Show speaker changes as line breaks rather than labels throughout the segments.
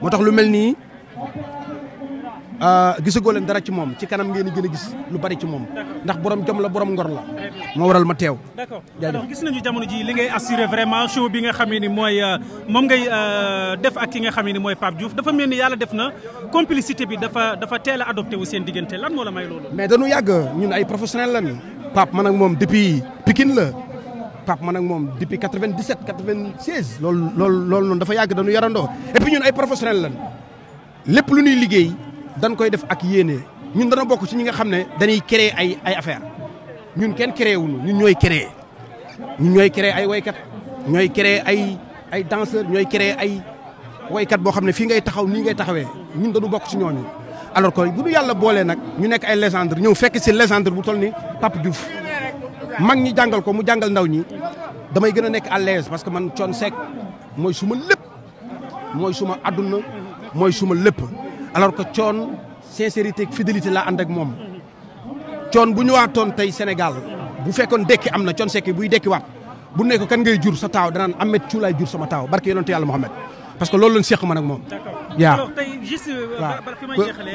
moo tax lu mel nii ah, gisagoo leen dara ci moom ci kanam ngeen jën a gis lu bari ci moom ndax borom jom la borom ngor la moo waral ma teew. d'accord alors gis nañu jamono ji li ngay assurer vraiment show bi nga xamee ni mooy euh, moom ngay euh, def ak ki nga xam ne ni mooy Pape Diouf dafa mel ni yàlla def na complicité bi dafa dafa teel a adopté wu seen diggante lan moo la may loolu. mais danu yàgg ñun ay professionnels lañu Pape man ak moom depuis Pikine la. Pape man ak moom depuis 97 96 loolu loolu loolu noonu dafa yàgg dañu yarandoo et puis ñun ay professionnels lan lépp lu ñuy liggéey dañ koy def ak yéene ñun dana bokk si ñi nga xam ne dañuy créer ay ay affaire ñun kenn créé wuñu ñun ñooy créer ñun ñooy créer ay waykat ñooy créer ay ay danseur ñooy créer ay waykat boo xam ne fii ngay taxaw nii ngay taxawee ñun dañu bokk ci ñooñu alors que bu ñu yàlla boolee nag ñu nekk ay légende ñëw fekk si légende bu toll ni Pape Diouf mag ñi jàngal ko mu jàngal ndaw ñi damay gën a nekk à l'aise parce que man Thione Seck mooy suma lépp mooy suma àdduna mooy suma lépp alors que coon sincérité ak fidélité laa ànd moom Thione bu ñu waatoon tey Sénégal bu fekkoon dekki am na coon sekki buy dekkiwaat waat bu nekk kan ngay jur sa taaw danaan Ameth Thiou laay jur sama taaw barke yonente yàlla Muhammad parce que loolu lañ seq man ak moom. yaa alors tey juste. Euh,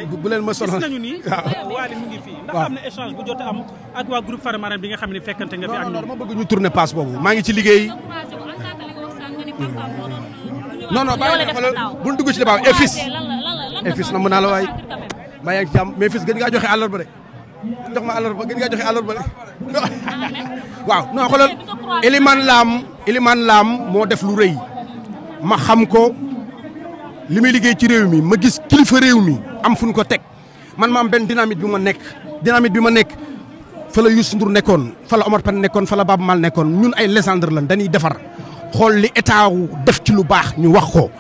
bu leen ma sonal gis nañu ni. waaw Waly mu ngi bu jot am nga xam ne fekkante nga fi ak ñoom. boobu maa ngi ci liggéey.
non non bàyyi bu ñu dugg ci débat EFIS. EFIS na mën naa la waay.
maa ci jàmm mais EFIS gën ngaa joxe àllarba de. jox ma àllarba gën ngaa joxe àllarba de. waaw non xoolal Eliman Lam Eliman moo def lu rëy. ma xam ko li muy liggéey ci réew mi ma gis kilifa réew mi am fu ko teg man ma am benn dynamique bi ma nekk dynamique bi ma nekk fa la Youssou Ndour nekkoon fa la Omar Pène nekkoon fala la Baaba nekkoon ñun ay légende la dañuy defar xool li état wu def ci lu baax ñu wax ko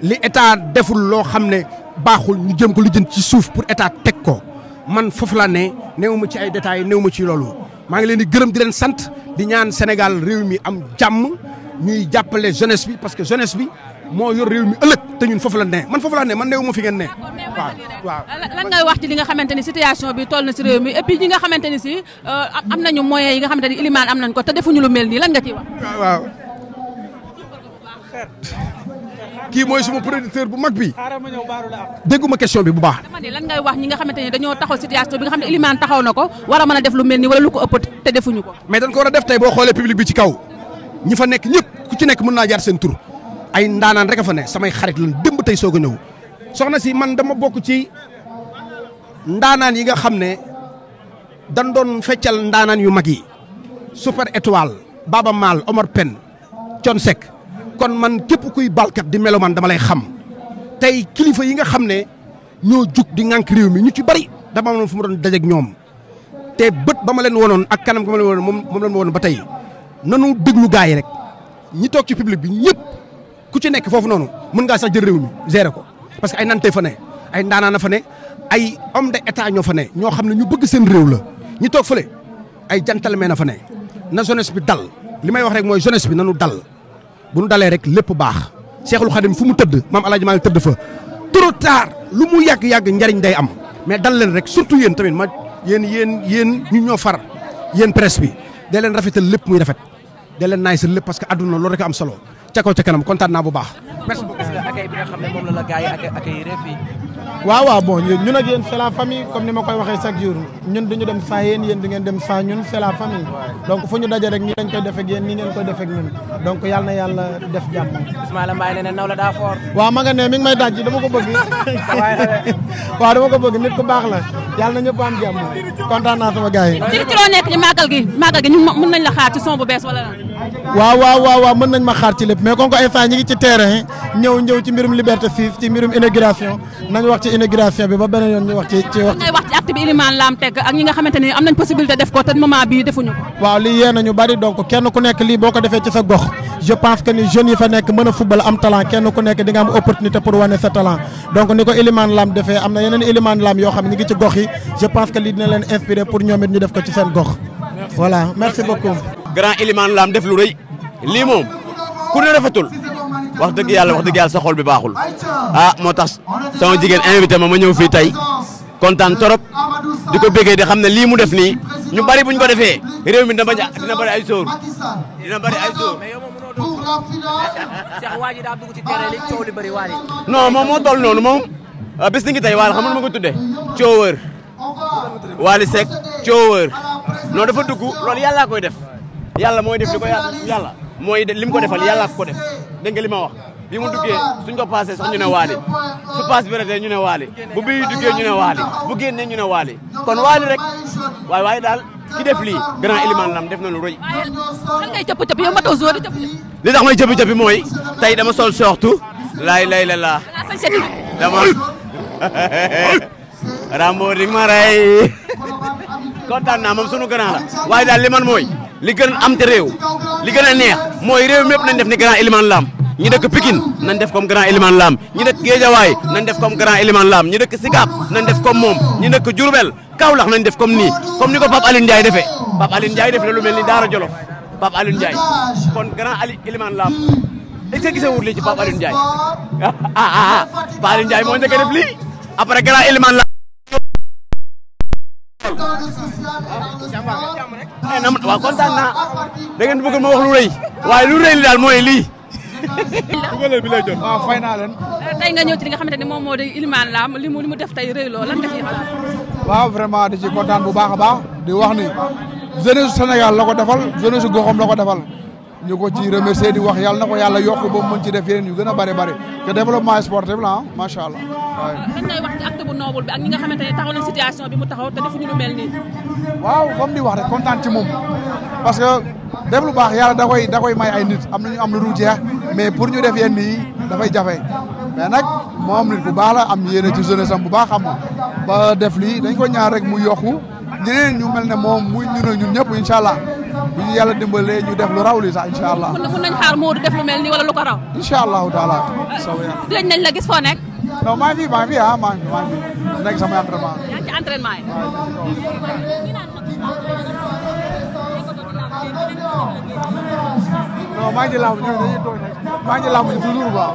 li état deful loo xam ne baaxul ñu jëm ko lu jën ci suuf pour état teg ko man foofu laa ne néew ma ci ay détails néew ma ci loolu maa ngi leen di gërëm di leen sant di ñaan Sénégal réew mi am jàmm ñuy jàppale jeunesse bi parce que jeunesse bi moo yor réew mi ëllëg te ñun foofu la ne man foofu laa ne man néew ma fi ngeen ne. waaw waaw lan wax ci li nga xamante ni situation bi toll na si réew mi et puis ñi nga xamante ni si euh, am nañu moyens yi nga xamante ni ilimaan am nañ ko te defuñu lu mel nii lan nga ciy wax. waaw kii mooy suma producteur bu mag bi dégguma question bi bu baax. dama ne lan ngay wax ñi nga xamante ni dañoo taxaw situation bi nga xam ne ilimaan taxaw na a mën a def lu mel nii te defuñu ko. mais dañ ko def tey boo xoolee public bi ci kaw ku ci nekk mën naa jaar seen tur ay ndaanaan rek a fa ne samay xarit lan démb tey soog a ñëw soxna si man dama bokk ci ndaanaan yi nga xam ne dan doon feccal ndaanaan yu mag yi super étoile Baba Maal Omar Pen Thione Seck kon man képp kuy balkat di melomaan dama lay xam tey kilifa yi nga xam ne ñoo jug di ŋànk réew mi ñu ci bari dama amoon fu mu doon dajeeg ñoom te bët bama leen wonoon ak kanam ba ma leen wonoon moom leen wonoon ba tey nanu déglu gaa yi rek ñi toog ci public bi ñëpp ku ci nekk foofu noonu mun ngaa sax jël réew mi gérer ko parce que ay nante fa ay ndaanaan fa ne ay homme d'état ñoo fa ne ñoo xam ne ñu bëgg seen réew la ñu toog fële ay gentleman a fane ne na jeunesse bi dal li may wax rek mooy jeunesse bi nanu dal bu nu dalee rek lépp baax Seexul Xadim fu mu tëdd maam Alaaji Maalik tëdd fa trop tard lu mu yàgg-yàgg njariñ day am mais dal leen rek surtout yéen tamit ma yéen yéen yéen ñu ñoo far yéen presse bi day leen rafetal lépp muy rafet da leen naay sa lépp parce que àdduna loolu rek am solo ca kaw ca kanam naa bu baax.
merci ne moom la la gars yi accueillir
ñun ak yéen c'est la famille comme ni ma koy waxee chaque jour ñun du ñu dem saa yéen yéen ngeen dem saa ñun c'est la famille donc fu ñu daje rek nii lañ koy defee ak ñun donc yàlla na yàlla def jàmm.
Ismaïla Mbaye nee na naw la daa
waaw ma nga ne mi ngi may ko bëgg. waaw ku baax la. yàlla na ñëpp am jàmm kontaan naa sama gars yi. ci
nekk ci màggal gi màggal gi ñu mën nañ
la xaar ci son bu bees wala. waaw waaw nañ ma xaar ci lépp mais kon ko ay ñi ngi ci terrain ñëw ñëw ci mbirum liberté fif ci mbirum inauguration nañ wax ci inauguration bi ba beneen yoon ñu wax ci ci wax ngay wax ci acte teg ak ñi nga xamante ni am nañ possibilité def ko te moment bii defuñu ko waaw lii yee nañu bari donc kenn ku nekk lii boo ko defee ci sa gox je pense que ni jeunes yi fa nekk mën a football am talent kenn ku nekk di nga am opportunité pour wane sa talent donc ni ko Elimane Lam defee am na yeneen Elimane Lam yoo xam ne ñu ngi ci gox yi je pense que lii dina leen inspirer pour ñoom it ñu def ko ci seen gox voilà merci beaucoup
grand Elimane Lam def lu rëy lii moom ku ne rafetul wax dëgg yàlla wax dëgg yàlla sa xol bi baaxul ah moo tax sama jigéen invité ma ma ñëw fii tey kontaan torop di ko bëggee di xam ne lii mu def nii ñu bari buñ ko defee réew mi dina bañ dina bari ay sóor dina pour la finale. daa dugg ci li coow li bëri waa ji. non moom moo toll noonu moom ah, bis ni ngi tey waal xam nga ma ko tuddee coowër Wally sek coowër non dafa dugg loolu yàllaa koy def yàlla mooy def li ko yàlla mooy li mu ko defal yàllaa ko def dégg li ma wax bi mu duggee suñ ko passé sax ñu ne Wally su passe bi ratee ñu ne Wally bu bii duggee ñu ne Wally bu génnee ñu ne Wally kon Wally rek waaye waaye daal ki def lii grand Elimane Lam def na lu rëy. waaye ngay cëpp cëpp yow matoo zóor cëpp li tax may cëpp cëpp mooy tey dama sol sortu laay lay la laa. dama Rambo di ma naa moom sunu grand la waaye daal li man mooy li gën am te réew li gën a neex mooy réew mépp nañ def ni grand Elimane Lam. ñu dekk Pikine nañ def comme grand Elimane Lam ñi dëkk Géejawaay nañ def comme grand Elimane Lam ñi dëkk Sicap nañ def comme moom ñi dëkk Diourbel Kaolack nañ def comme nii comme ni ko Pape Alioune Ndiaye defee Pape Alioune Ndiaye def na lu mel ni Daara Jolof Pape Alioune Ndiaye kon grand Ali Elimane Lam est-ce que gisee wut lii ci Pape Alioune Ndiaye ah, ah ah Pape Alioune moo a def grand Elimane Lam eh, da ngeen bëgg ma wax lu rëy waaye lu rëy li daal mooy lii dugalal bi lay jot. waaw ah, fay naa leen.
Euh, tey nga ñëw ci li nga xamante ne moom moo di Ilimane Lam li mu li mu def tey rëy lool lan nga waaw vraiment di ci kontaan bu baax a baax di wax ni jeunesse Sénégal la ko defal jeunesse goxam la ko defal ñu ko ci remercier di wax yàlla na ko yàlla yokk ba mu mën ci def yeneen yu gën a bëri bëri te développement sportif la ah macha allah. waaw lan ngay wax bu noble bi ak ñi nga xamante ne taxaw na situation bi mu taxaw te defuñu lu mel nii. waaw comme di def lu baax yàlla da koy da koy may ay nit am nañu am lu dul jeex mais pour ñu def nii dafay jafe mais nag moom nit bu baax la am yéene ci jeunesse am bu baax xam ba def lii dañ ko ñaar rek mu yokku ñeneen ñu mel ne moom muy ñun ñun ñëpp incha allah bu ñu yàlla dimbalee ñu def lu raw li sa incha allah. nañu xaar Modou def lu mel nii wala lu ko raw. incha allahu taala. gëj nañ la gis foo nekk. non maa ngi ci laamu ñoom dañuy tooñ rek maa ngi ci laamu toujours waaw.